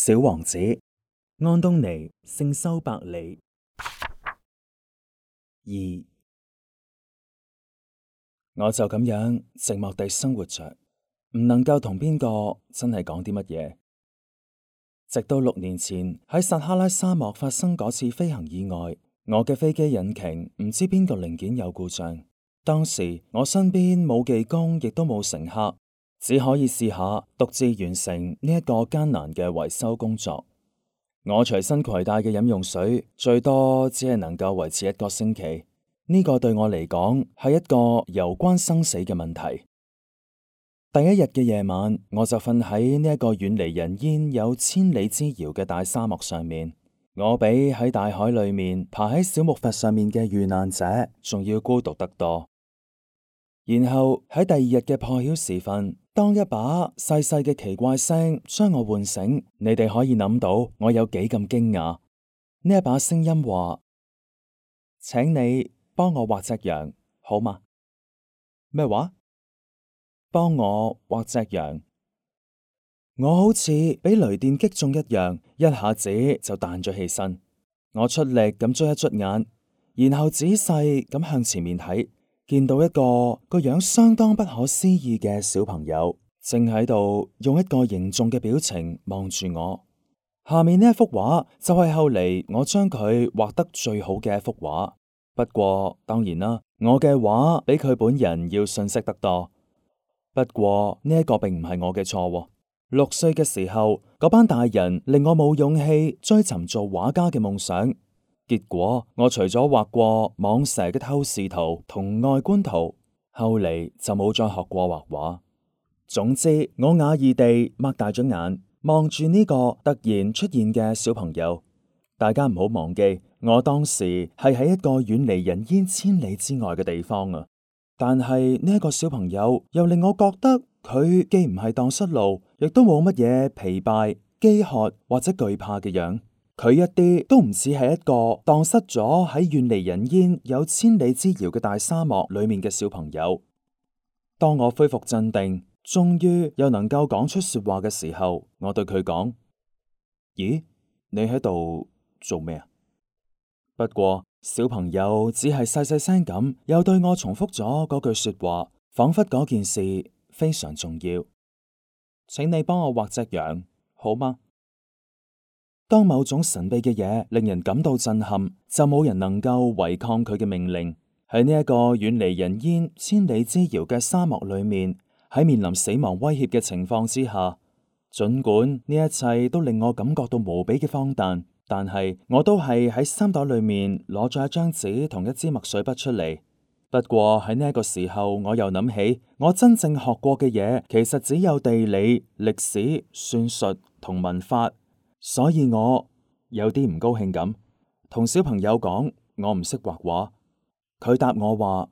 小王子，安東尼，聖修伯里。二，我就咁樣寂寞地生活着，唔能夠同邊個真係講啲乜嘢。直到六年前喺撒哈拉沙漠發生嗰次飛行意外，我嘅飛機引擎唔知邊個零件有故障。當時我身邊冇技工，亦都冇乘客。只可以試下獨自完成呢一個艱難嘅維修工作。我隨身攜帶嘅飲用水最多只係能夠維持一個星期，呢個對我嚟講係一個攸關生死嘅問題。第一日嘅夜晚，我就瞓喺呢一個遠離人煙、有千里之遙嘅大沙漠上面，我比喺大海裏面爬喺小木筏上面嘅遇難者仲要孤獨得多。然後喺第二日嘅破曉時分。當一把細細嘅奇怪聲將我喚醒，你哋可以諗到我有幾咁驚訝。呢一把聲音話：請你幫我畫隻羊，好嗎？咩話？幫我畫隻羊。我好似俾雷電擊中一樣，一下子就彈咗起身。我出力咁捽一捽眼，然後仔細咁向前面睇。見到一個個樣相當不可思議嘅小朋友，正喺度用一個凝重嘅表情望住我。下面呢一幅畫就係、是、後嚟我將佢畫得最好嘅一幅畫。不過當然啦，我嘅畫比佢本人要遜色得多。不過呢一、這個並唔係我嘅錯，哦。六歲嘅時候，嗰班大人令我冇勇氣追尋做畫家嘅夢想。結果我除咗畫過蟒蛇嘅透視圖同外觀圖，後嚟就冇再學過畫畫。總之，我訝異地擘大咗眼，望住呢個突然出現嘅小朋友。大家唔好忘記，我當時係喺一個遠離人煙千里之外嘅地方啊！但係呢一個小朋友又令我覺得佢既唔係蕩失路，亦都冇乜嘢疲憊、飢渴或者懼怕嘅樣。佢一啲都唔似係一個蕩失咗喺遠離人煙、有千里之遙嘅大沙漠裏面嘅小朋友。當我恢復鎮定，終於又能夠講出說話嘅時候，我對佢講：咦，你喺度做咩啊？不過小朋友只係細細聲咁，又對我重複咗嗰句說話，仿佛嗰件事非常重要。請你幫我畫隻羊，好嗎？當某種神秘嘅嘢令人感到震撼，就冇人能夠違抗佢嘅命令。喺呢一個遠離人煙、千里之遙嘅沙漠裏面，喺面臨死亡威脅嘅情況之下，盡管呢一切都令我感覺到無比嘅荒誕，但係我都係喺衫袋裏面攞咗一張紙同一支墨水筆出嚟。不過喺呢一個時候，我又諗起我真正學過嘅嘢，其實只有地理、歷史、算術同文法。所以我有啲唔高興咁同小朋友講，我唔識畫畫。佢答我話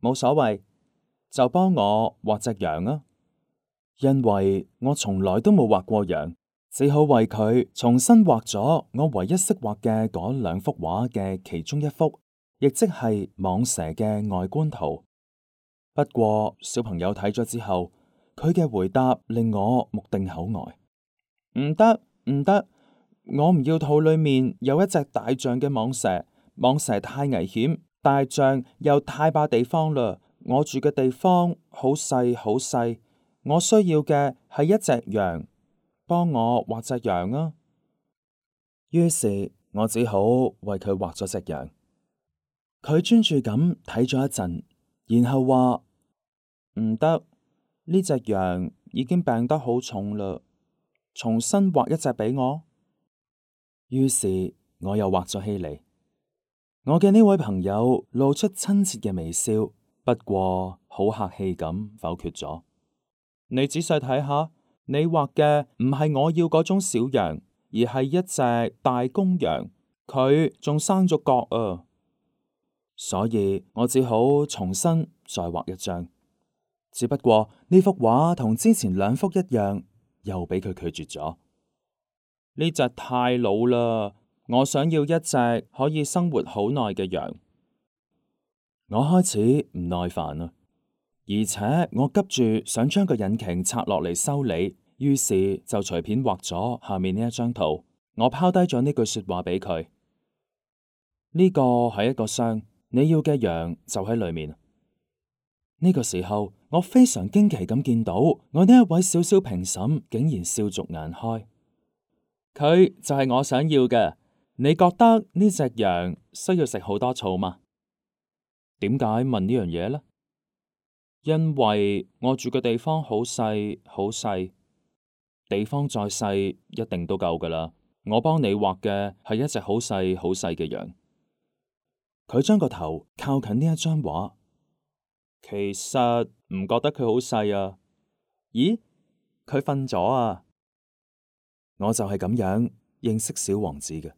冇所謂，就幫我畫隻羊啊。因為我從來都冇畫過羊，只好為佢重新畫咗我唯一識畫嘅嗰兩幅畫嘅其中一幅，亦即係蟒蛇嘅外觀圖。不過小朋友睇咗之後，佢嘅回答令我目定口呆。唔得。唔得，我唔要肚裏面有一隻大象嘅蟒蛇，蟒蛇太危險，大象又太霸地方啦。我住嘅地方好細好細，我需要嘅係一隻羊，幫我畫隻羊啊。於是，我只好為佢畫咗隻羊。佢專注咁睇咗一陣，然後話唔得，呢隻羊已經病得好重啦。重新畫一隻俾我，於是我又畫咗起嚟。我嘅呢位朋友露出親切嘅微笑，不過好客氣咁否決咗。你仔細睇下，你畫嘅唔係我要嗰種小羊，而係一隻大公羊，佢仲生咗角啊！所以我只好重新再畫一張。只不過呢幅畫同之前兩幅一樣。又俾佢拒絕咗，呢隻太老啦。我想要一隻可以生活好耐嘅羊。我開始唔耐煩啦，而且我急住想將個引擎拆落嚟修理，於是就隨便畫咗下面呢一張圖。我拋低咗呢句說話俾佢，呢個係一個箱，你要嘅羊就喺裏面。呢個時候，我非常驚奇咁見到我呢一位小小評審竟然笑逐顏開。佢就係我想要嘅。你覺得呢隻羊需要食好多草嗎？點解問呢樣嘢呢？因為我住嘅地方好細，好細。地方再細，一定都夠噶啦。我幫你畫嘅係一隻好細好細嘅羊。佢將個頭靠近呢一張畫。其實唔覺得佢好細啊？咦，佢瞓咗啊？我就係咁樣認識小王子嘅。